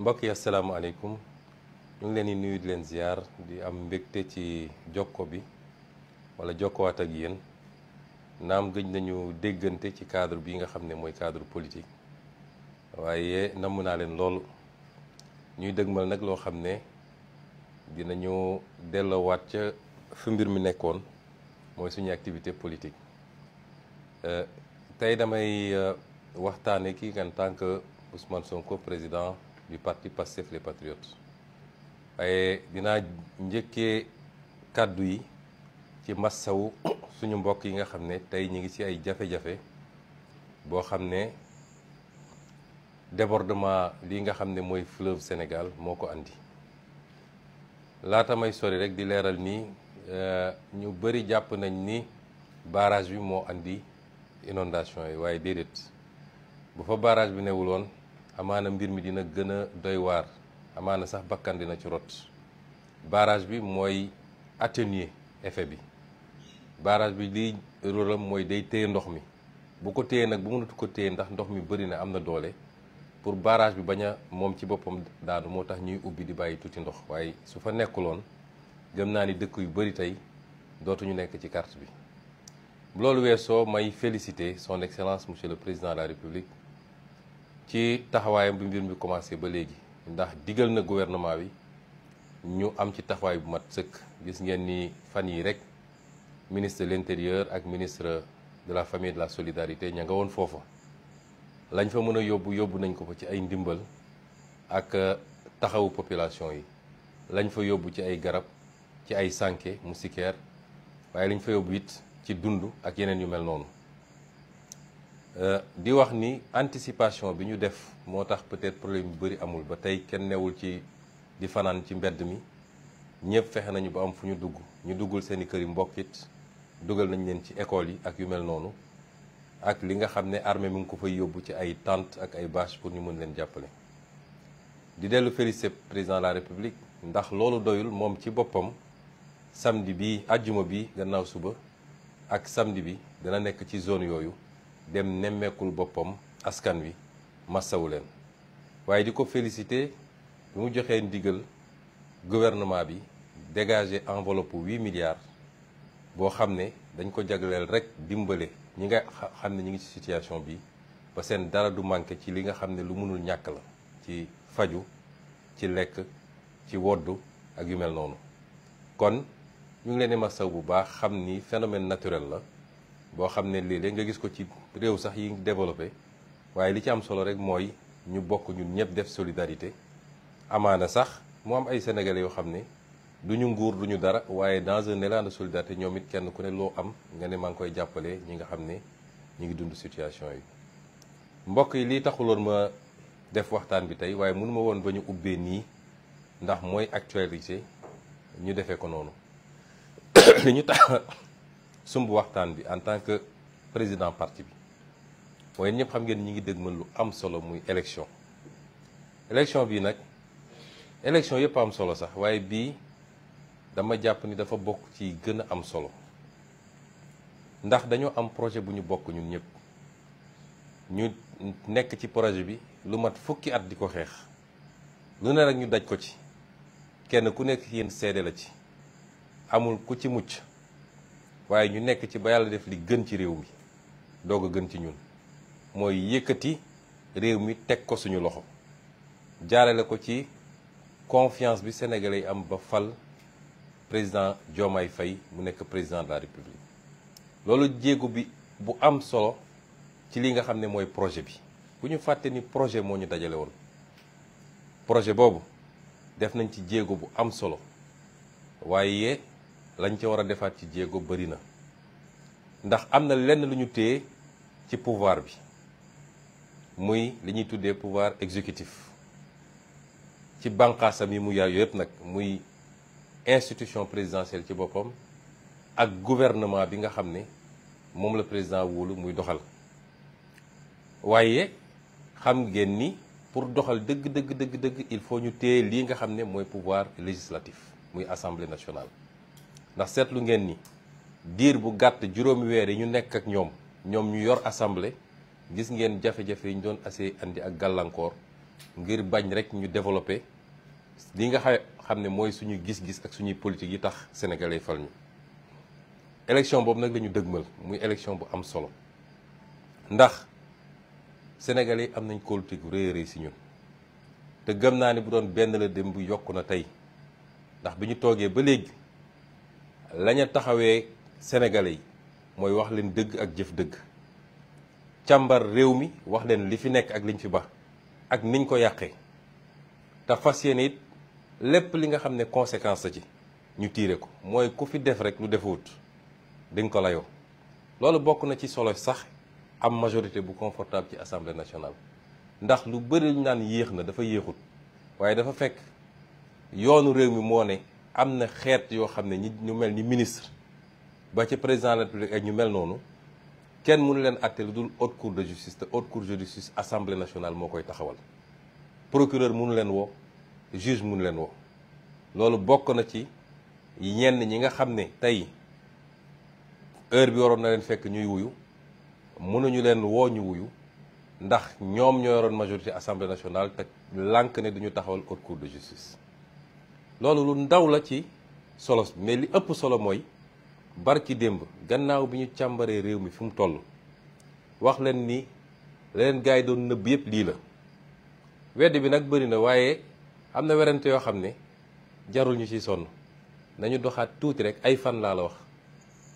mbokk yi asalaamaaleykum ñu ngi leen di nuyu di leen ziar di am mbégte ci jokko bi wala jokkowaat ak yéen naam gëj nañu déggante ci cadre bi nga xam ne mooy cadre politique waaye namm naa leen loolu ñuy dëgmal nag loo xam ne dina dinañu delloowaat ca fi mbir mi nekkoon mooy suñu activité politique. Euh, tey damay euh, waxtaane kii en tant que son Sonko président du parti Pastef les Patriotes waaye dinaa njëkkee kàddu yi ci massawu suñu mbokk yi nga xam ne tey ñu ngi ci ay jafe-jafe boo xam ne débordement lii nga xam ne mooy fleuve Sénégal moo ko andi laata may sori rek di leeral nii euh, ñu bëri jàpp nañ ni barrage bi moo andi inondation yi waaye déedéet bu fa barrage bi newuloon amaana mbir mi dina gën a doy waar amaana sax bakkan ci rot barrage bi mooy atténuer effet bi barrage bi liy rólam mooy day téye ndox mi bu ko téyee nag bu mënatu ko téye ndax ndox mi bari na am na doole pour barrage bi bañ a moom ci boppam daanu moo tax ñuy ubbi di bàyyi tuuti ndox waaye su fa nekkuloon gëm naa ni dëkk yu bëri tey dootuñu nekk ci carte bi loolu soo may féliciter son excellence monsieur le président de la république ci taxawaayam bi mbir mi commencé ba léegi ndax digal na gouvernement bi ñu am ci taxawaay bu mat sëkk gis ngeen ni fan yi rek ministre de l'intérieur ak ministre de la famille de la solidarité ña nga woon foofa lañ fa mën a yóbbu yóbbu nañ ko fa ci ay ndimbal ak euh, taxawu population yi lañ fa yóbbu ci ay garab ci ay sànke moustiquaire waaye lañ fa yóbbu it ci dund ak yeneen yu mel noonu euh, di wax ni anticipation bi ñu def moo tax peut-être problème yu bëri amul ba tey kenn newul ci di fanaan ci mbedd mi ñëpp fexe nañu ba am fu ñu dugg ñu duggul seeni kër yi mbokkit dugal nañ leen ci école yi ak yu mel noonu ak li nga xam ne armée mi ngi ko fay yóbbu ci ay tente ak ay bâche pour ñu mën leen jàppale di dellu félicité président la république ndax loolu doyul moom ci boppam samedi bi àjjuma bi gannaaw suba ak samedi bi dana nekk ci zone yooyu dem nemmeekul boppam askan wi massawu leen waaye di ko féliciter bi mu joxee ndigal gouvernement bi dégager enveloppe huit milliards boo xam ne dañ ko jagleel rek dimbale ñi nga xam ne ñi ngi ci situation bi ba seen dara du manqué ci li nga xam ne lu mënul ñàkk la ci faju ci lekk ci woddu ak yu mel noonu kon ñu ngi leen di masaw bu baax xam ni phénomène naturel la boo xam ne léeg-léeg nga gis ko ci réew sax yi développé waaye li ci am solo rek mooy ñu bokk ñu ñëpp def solidarité amaana sax mu am ay sénégalais yoo xam ne du ñu nguur du ñu dara waaye dans un élan de solidarité ñoom it kenn ku ne loo am nga ne maa ngi koy jàppale ñi nga xam ne ñu ngi dund situation yi. mbokk yi lii taxuloon ma def waxtaan bi tey waaye mënu ma woon ba ñu ubbee nii ndax mooy actualité ñu defee ko noonu. li ñu tax sumb waxtaan bi en tant que président parti bi mooy ñëpp xam ngeen ñi ngi dégg mën lu am solo muy élection élection bii nag élection yëpp am solo sax waaye bii dama jàpp ni dafa bokk ci gën a am solo ndax dañoo am projet bu ñu bokk ñun ñëpp ñu nekk ci projet bi lu mat fukki at di ko xeex lu ne rek ñu daj ko ci kenn ku nekk yéen seede la ci amul ku ci mucc waaye ñu nekk ci ba yàlla def li gën ci réew mi doog a gën ci ñun mooy yëkkati réew mi teg ko suñu loxo jaarale ko ci confiance bi sénégalais yi am ba fal président Diomaye Faye mu nekk président de la république loolu jéego bi bu am solo ci li nga xam ne mooy projet bi ku ñu fàtte ni projet moo ñu dajale woon projet boobu def nañ ci jéego bu am solo waaye lañ ca war a defaat ci jéego bëri na ndax am na lenn lu ñu téye ci pouvoir bi muy li ñuy tuddee pouvoir exécutif ci bànqaasam yi mu yaay yëpp nag muy institution présidentielle ci boppam ak gouvernement bi nga xam ne moom la président wóolu muy doxal waaye xam ngeen ni pour doxal dëgg dëgg dëgg dëgg il faut ñu téye lii nga xam ne mooy pouvoir législatif muy assemblée nationale ndax seetlu ngeen ni diir bu gàtt juróomi weer yi ñu nekk ak ñoom ñoom ñu yor assemblée gis ngeen jafe-jafe yi ñu doon assez indi ak gàllankoor ngir bañ rek ñu développé li nga xam ne mooy suñu gis-gis ak suñuy politique yi tax sénégalais fal ñu. élection boobu nag la dëgmal muy élection bu am solo ndax sénégalais am nañ politique réy réy si ñun te gëm naa ne bu doon benn la dem bu yokk na tey ndax bi ñu toogee ba léegi. laña taxawee sénégalais yi mooy wax leen dëgg ak jëf dëgg càmbar réew mi wax leen li fi nekk ak liñ fi ba ak niñ ko yàqee te fas yéene it lépp li nga xam ne conséquence la ci ñu tiire ko mooy ku fi def rek lu defewut di nga ko layoo loolu bokk na ci solo sax am majorité bu confortable ci assemblée nationale ndax lu bëri lu naan yéex na dafa yéexut waaye dafa fekk yoonu réew mi moo ne am na xeet yoo xam ne ñi ñu mel ni ministre ba ci président de la ak ñu mel noonu kenn mënu leen àtte lu dul haute cour de justice te haute cour de justice assemblée nationale moo koy taxawal procureur mënu leen woo juge mënu leen woo loolu bokk na ci ñenn ñi nga xam ne tey heure bi waroon na leen fekk ñuy wuyu mënuñu leen woo ñu wuyu ndax ñoom ñoo yoroon majorité assemblée nationale te lànk ne duñu taxawal haute cour de justice loolu lu ndaw la ci solo mais li ëpp solo mooy bar ci démb gannaaw bi ñu càmbaree réew mi fi mu toll wax leen ni leneen gars yi doon nëbb yëpp lii la wedd bi nag bëri na waaye am na werante yoo xam ne jarul ñu ci sonn nañu doxaat tuuti rek ay fan laa la wax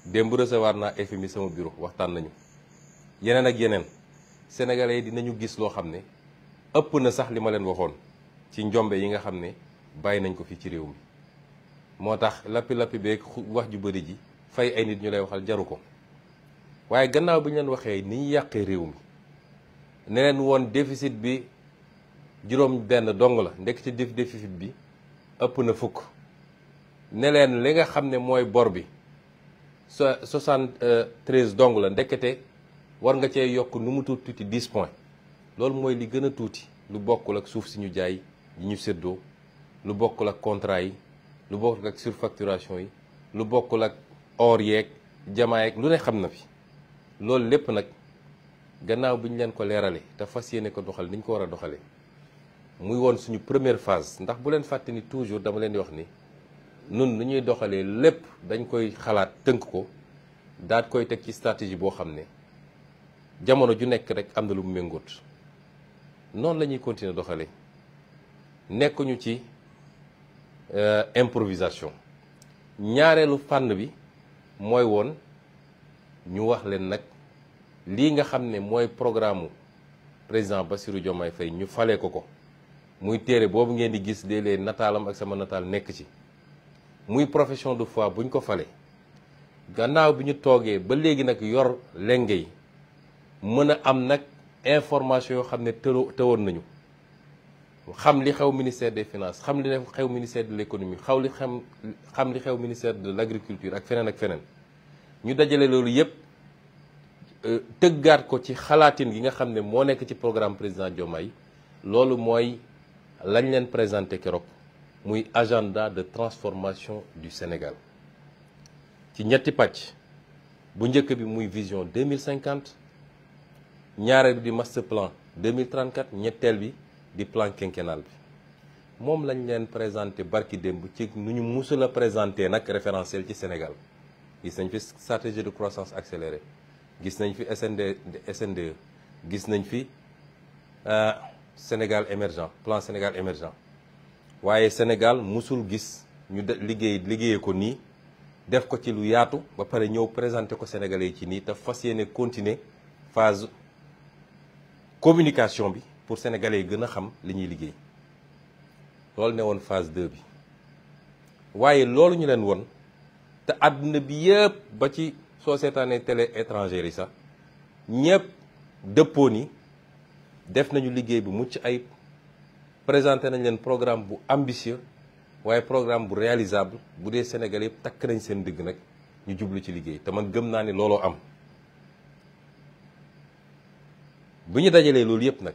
démb recevoir naa FMI sama bureau waxtaan nañu yeneen ak yeneen sénégalais yi dinañu gis loo xam ne ëpp na sax li ma leen waxoon ci njombe yi nga xam ne bàyyi nañ ko fii ci réew mi moo tax lappi-lappi beeg wax ju bëri ji fay ay nit ñu lay waxal jaru ko waaye gannaaw bi ñu leen waxee ni ñu yàqee réew mi ne leen woon déficit bi juróom benn dong la ndekk ci def déficit bi ëpp na fukk ne leen li nga xam ne mooy bor bi so soixante-treize dong la ndekete war nga cee yokk nu mu tuuti tuuti dix loolu mooy li gën a tuuti lu bokkul ak suuf si ñu jaay yi ñu séddoo lu bokkul ak contrat yi lu bokkul ak surfacturation yi lu bokkul ak or yeeg jamaa yeeg lu ne xam na fi loolu lépp nag gannaaw bi ñu leen ko leeralee te fas yéene ko doxal ni ñu ko war a doxalee muy woon suñu première phase ndax bu leen fàtte ni toujours dama leen di wax ni nun lu ñuy doxalee lépp dañ koy xalaat tënk ko daat koy teg ci stratégie boo xam ne jamono ju nekk rek am na lu mu méngóot noonu la ñuy continuer doxale nekkuñu ci. Euh, improvisation ñaareelu fànn bi mooy woon ñu wax leen nag lii nga xam ne mooy programme président ba Bassirou Diomaye Faye ñu fale ko ko muy téere boobu ngeen di gis léeg-léeg nataalam ak sama nataal nekk ci muy profession de foi buñ ko fale gannaaw bi ñu toogee ba léegi nag yor lenge yi mën a am nag information yoo xam ne tëwoon nañu xam li xew ministère des finances xam li xew ministère de l'économie xaw li xam xam li xew ministère de l'agriculture ak feneen ak feneen ñu dajale loolu yépp euh, tëggaat ko ci xalaatin gi nga xam ne moo nekk ci programme président Diomaye loolu mooy lañ leen présenté keroog muy agenda de transformation du Sénégal ci ñetti pàcc bu njëkk bi muy vision 2050 ñaareel bi di master plan 2034 ñetteel bi di plan quinquennal bi moom lañ leen présenté barki démb ci nu ñu musul a présenté nag référentiel ci Sénégal gis nañ fi stratégie de croissance accélérée gis nañ fi SND SNDE gis nañ fi euh, Sénégal émergent plan Sénégal émergent waaye Sénégal musul gis ñu de liggéey liggéeyee ko nii def ko ci lu yaatu ba pare ñëw présenté ko Sénégalais ci nii te fas yéene continuer phase communication bi pour sénégalais yi gën a xam li ñuy liggéey loolu ne woon phase 2 bi waaye loolu ñu leen won te àdduna bi yëpp ba ci soo seetaanee télé étrangère yi sax ñëpp dëppoo ni def nañu liggéey bu mucc ayib présenté nañ leen programme bu ambitieux waaye programme bu réalisable bu dee Sénégal yëpp takk nañ seen digg nag ñu jublu ci liggéey te man gëm naa ni looloo am bu ñu dajalee loolu yëpp nag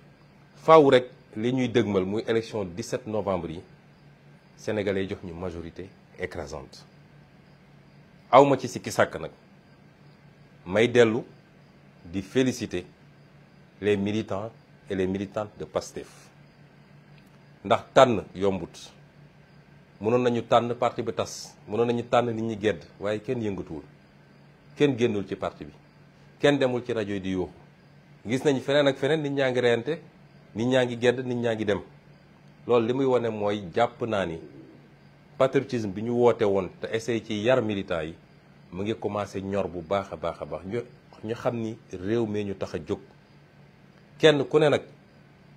faaw rek li ñuy dëgmal muy élection 17 novembre yi sénégalais jox ñu majorité écrasante awma ci sikki sàkk nag may dellu di féliciter les militants et les militantes de PASTEF ndax tànn yombut mënoon nañu tànn parti bi tas mënoon nañu tànn nit ñi gedd waaye kenn yëngatuwul kenn génnul ci parti bi kenn demul ci rajo yi di yooxu gis nañu feneen ak feneen nit ñaa ngi reyante nit ñaa ngi gedd nit ñaa ngi dem loolu li muy wane mooy jàpp naa ni patriotisme bi ñu woote woon te essayé ci yar militants yi mu ngi commencé ñor bu baax a baax a baax ñu ñu xam ni réew mi ñu tax a jóg kenn ku ne nag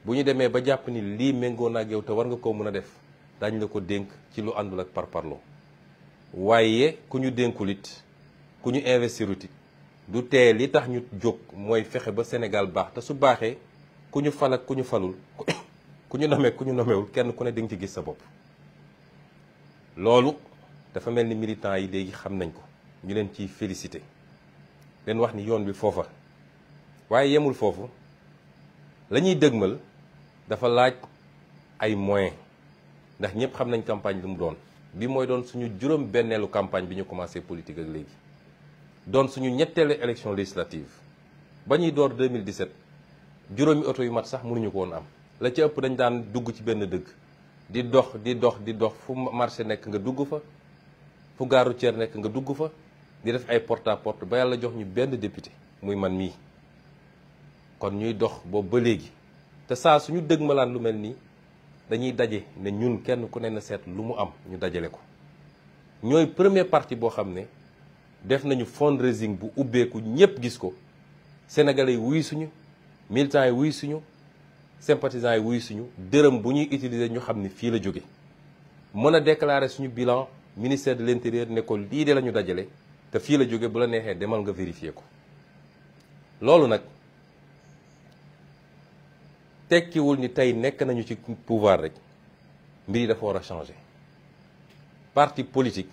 bu ñu demee ba jàpp ni lii méngoo na ak yow te war nga koo mën a def dañ la ko dénk ci lu àndul ak parparloo waaye ku ñu dénkul it ku ñu investirut du tee li tax ñu jóg mooy fexe ba Sénégal baax te su baaxee ku ñu fal ak ku ñu falul ku ñu nomee ku ñu nomewul kenn ku ne di nga ci gis sa bopp loolu dafa mel ni militants yi léegi xam nañ ko ñu leen ciy félicité leen wax ni yoon bi foofa waaye yemul foofu la ñuy dëgmal dafa laaj ay moyens ndax ñëpp xam nañ campagne lu mu doon bi mooy doon suñu juróom benneelu campagne bi ñu commencé politique ak léegi doon suñu ñetteelu élection législative ba ñuy door 2017 juróomi oto yu mat sax mënuñu ko woon am la ci ëpp dañ daan dugg ci benn dëkk di dox di dox di dox fu marché nekk nga dugg fa fu gaaru routière nekk nga dugg fa di def ay porte à ba yàlla jox ñu benn député muy man mii kon ñuy dox boobu ba léegi te saa suñu dëgg malaan lu mel nii dañuy daje ne ñun kenn ku ne na seet lu mu am ñu dajale ko ñooy premier parti boo xam ne def nañu fundraising bu ubbeeku ñëpp gis ko sénégalais yi wuy suñu militants yi wuy suñu sympathisants yi wuy suñu dërëm bu ñuy utiliser ñu xam ni fii la jóge mën a déclarer suñu bilan ministère de l'intérieur ne ko lii de la ñu dajale te fii la jóge bu la neexee demal nga vérifier ko loolu nag tekkiwul ni tey nekk nañu ci pouvoir rek mbir yi dafa war a changer parti politique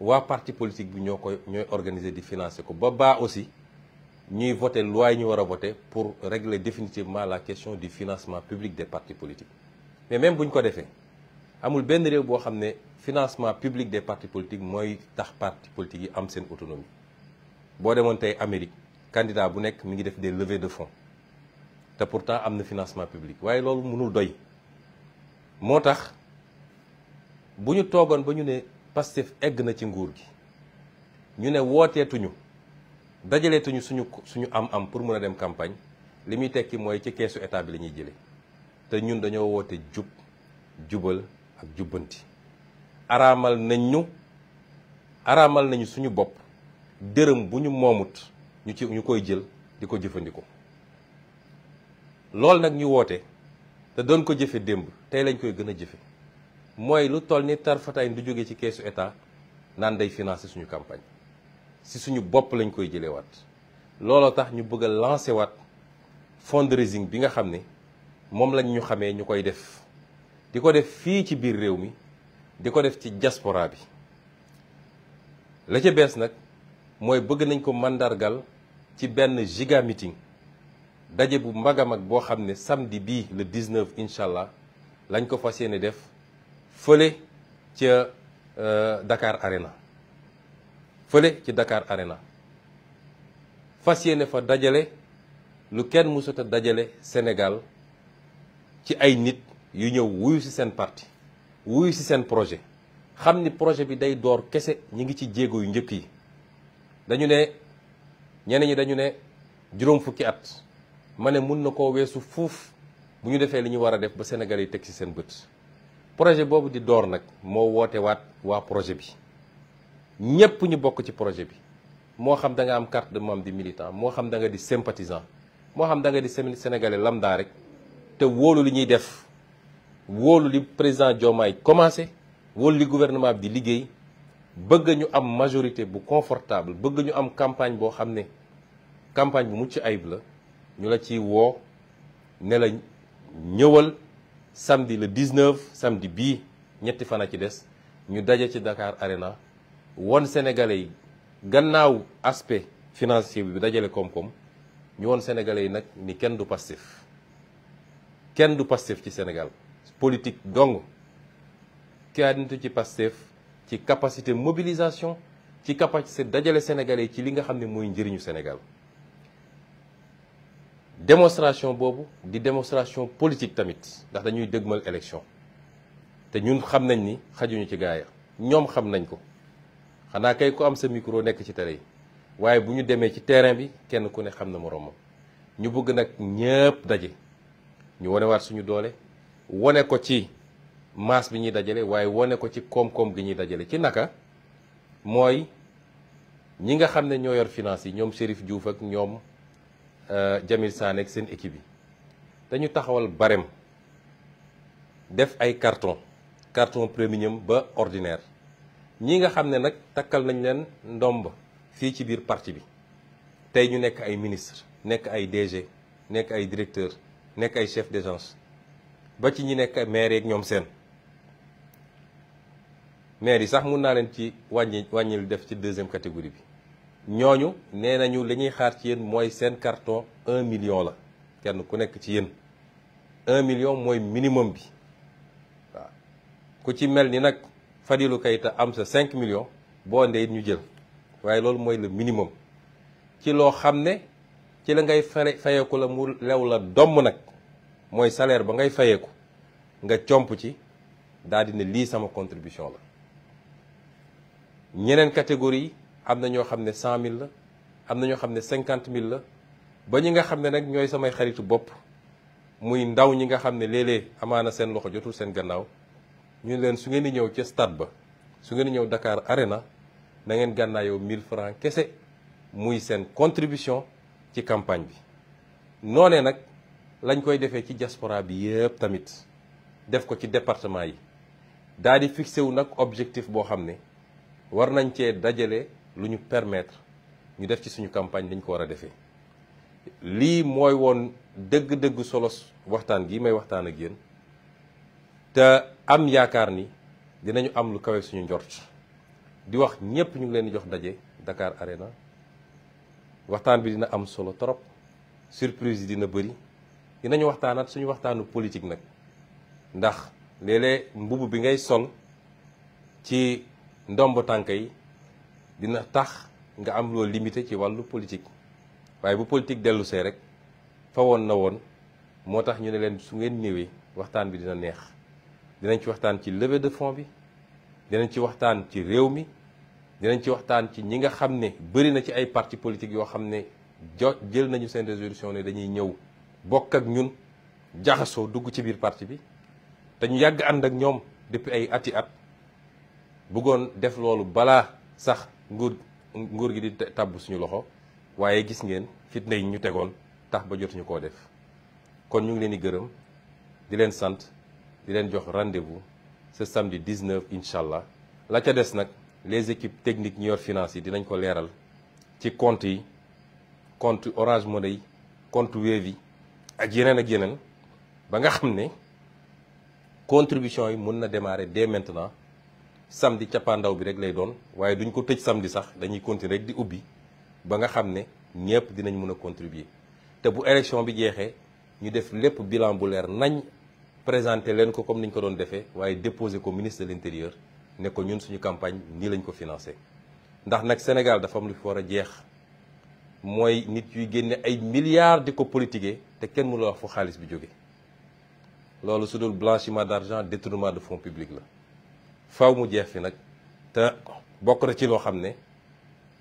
waa parti politique bi ñoo koy ñooy organiser di financer ko ba baa aussi ñuy voter loi yi ñu war a pour régler définitivement la question du financement public des partis politiques mais même bu ñu ko defee amul benn réew boo xam ne financement public des partis politiques mooy tax partis politiques yi am seen autonomie boo demoon tey Amérique candidat bu nekk mi ngi def des levées de fonds te pourtant am na financement public waaye loolu mënul doy moo tax bu ñu toogoon ba ñu ne Pastef egg na ci nguur gi ñu ne wooteetuñu dajalee dajaleetuñu suñu suñu am-am pour mën a dem campagne li muy tekki mooy ci keesu état bi la ñuy jëlee te ñun dañoo woote jub jubal ak jubbanti. araamal nañ ñu araamal nañu suñu bopp dërëm bu ñu moomut ñu ci ñu koy jël di ko jëfandikoo loolu nag ñu woote te doon ko jëfe démb tey lañ koy gën a jëfe mooy lu toll ni tarfataay du jóge ci keesu état naan day financer suñu campagne. si suñu bopp lañ koy jëlee waat looloo tax ñu bëgg a lancé waat fundraising bi nga xam ne moom lañ ñu xamee ñu koy def di ko def fii ci biir réew mi di ko def ci diaspora bi la ca bees nag mooy bëgg nañ ko màndargal ci benn giga meeting daje bu mag a mag boo xam ne samedi bii le 19 incha allah lañ ko fas yéene def fële ca euh, Dakar Arena fële ci Dakar Arena fas yéene fa dajale lu kenn mësut dajale Sénégal ci ay nit yu ñëw wuyu ci seen parti wuyu ci seen projet xam ni projet bi day door kese ñi ngi ci jéego yu njëkk yi dañu ne ñeneen yi dañu ne juróom fukki at ma ne mun na koo weesu fuuf bu ñu defee li ñu war a def ba Sénégal yi teg ci seen bët projet boobu di door nag moo woote waat waa projet bi ñépp ñu bokk ci projet bi moo xam da nga am carte de di militant moo xam da nga di sympathisant moo xam danga nga di sénégalais lambda rek te wóolu li ñuy def wóolu li président Diomaye commencé wóolu li gouvernement bi di liggéey bëgg ñu am majorité bu confortable bëgg ñu am campagne boo xam ne campagne bu mucc ayib la ñu la ci woo ne la ñëwal samedi le 19 samdi bii ñetti fan a ci des ñu daje ci Dakar Arena won sénégalais yi gannaaw aspect financier bi dajale koom-koom ñu won sénégalais yi nag ni kenn du Pastef kenn du Pastef ci Sénégal politique dong kenn du ci Pastef ci capacité mobilisation ci capacité dajale sénégalais ci li nga xam ne mooy njëriñu Sénégal démonstration boobu di démonstration politique tamit ndax dañuy dëgmal élection te ñun xam nañ ni xajuñu ci gaaya ñoom xam nañ ko xanaa kay ku am sa micro nekk ci tere yi waaye bu ñu demee ci terrain bi kenn ku ne xam na moroomam ñu bëgg nag ñëpp daje ñu wanewaat suñu doole wane ko ci masse bi ñuy dajale waaye wane ko ci koom-koom gi ñuy dajale ci naka mooy ñi nga xam ne ñoo yor finance yi ñoom Chérif Diouf ak ñoom euh, Jamil Sané ak seen équipe yi dañu taxawal barème def ay carton carton premium ba ordinaire ñi nga xam ne nag takkal nañ leen ndomb fii ci biir parti bi tey ñu nekk ay ministre nekk ay DG nekk ay directeur nekk ay chef d'agence ba ci ñi nekk maire yeeg ñoom seen maire yi sax mun naa leen ci wàññi wàññil def ci deuxième catégorie bi ñooñu nee nañu lañuy xaar ci yéen mooy seen carton un million la kenn ku nekk ci yéen un million mooy minimum bi waaw ku ci mel ni nag Fadilou Keita am sa 5 millions boo ndee ñu jël waaye loolu mooy le minimum ci loo xam ne ci la ngay fare fayeeku la mu lew la domm nag mooy salaire ba ngay fayeeku nga comp ci daal di ne lii sama contribution la ñeneen catégorie am na ñoo xam ne 100000 la am na ñoo xam ne 50000 la ba ñi nga xam ne nag ñooy samay xaritu bopp muy ndaw ñi nga xam ne léeg-léeg amaana seen loxo jotul seen gannaaw. ñu leen su ngeen di ñëw ca stade ba su ngeen ñëw dakaar Arena na ngeen gànnaayoo 1000 francs kese muy seen contribution ci campagne bi. noonee nag lañ koy defee ci diaspora bi yëpp tamit def ko ci département yi daal di fixé wu nag objectif boo xam ne war nañ cee dajale lu ñu permettre ñu def ci suñu campagne lañ ko war a defee. lii mooy woon dëgg-dëgg solos waxtaan gi may waxtaan ak yéen am yaakaar ni dinañu am lu kawe suñu njort di wax ñëpp ñu ngi leen di jox daje Dakar Arena waxtaan bi dina am solo trop surprise yi dina bëri dinañu waxtaanaat suñu waxtaanu politique nag ndax léeg mbubb bi ngay sol ci ndomb tànk yi dina tax nga am loo limité ci wàllu politique waaye bu politique dellu see rek fa woon na woon moo tax ñu ne leen su ngeen ñëwee waxtaan bi dina neex dinañ ci waxtaan ci levée de fonds bi dinañ ci waxtaan ci réew mi dinañ ci waxtaan ci ñi nga xam ne bëri na ci ay parti politique yoo xam ne jo jël nañu seen résolution ne dañuy ñëw bokk ak ñun jaxasoo dugg ci biir parti bi te ñu yàgg ànd ak ñoom depuis ay ati at bëggoon def loolu balaa sax nguur nguur gi di tàbb suñu loxo waaye gis ngeen fitna yi ñu tegoon tax ba jotuñu koo def kon ñu ngi leen di gërëm di leen sant di leen jox rendez-vous ce samedi 19 incha allah la ca des nag les équipes techniques ñu yor finance yi dinañ ko leeral ci compte yi compte Orange Money yi compte Wave ak yeneen ak yeneen ba nga xam ne contribution yi mun na démarrer dès maintenant samedi cappaandaw bi rek lay doon waaye duñ ko tëj samedi sax dañuy continuer rek di ubbi ba nga xam ne ñëpp dinañ mën a contribuer te bu élection bi jeexee ñu def lépp bilan bu leer nañ présenté leen ko comme ni ñu ko doon defee waaye déposé ko ministre de l'intérieur ne ko ñun suñu campagne nii lañ ko financé ndax nag Sénégal dafa am lu fi war a jeex mooy nit yuy génne ay milliards di ko politiquer te kenn mënul wax fu xaalis bi jóge loolu su dul blanchiment d'argent détournement de fonds publics la faw mu jeex fi nag te bokk na ci loo xam ne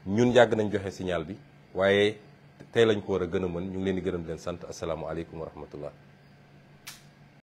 ñun yàgg nañ joxe signal bi waaye tey lañ ko war a gën a mën ñu ngi leen di gërëm leen sant asalaamualeykum wa rahmatullah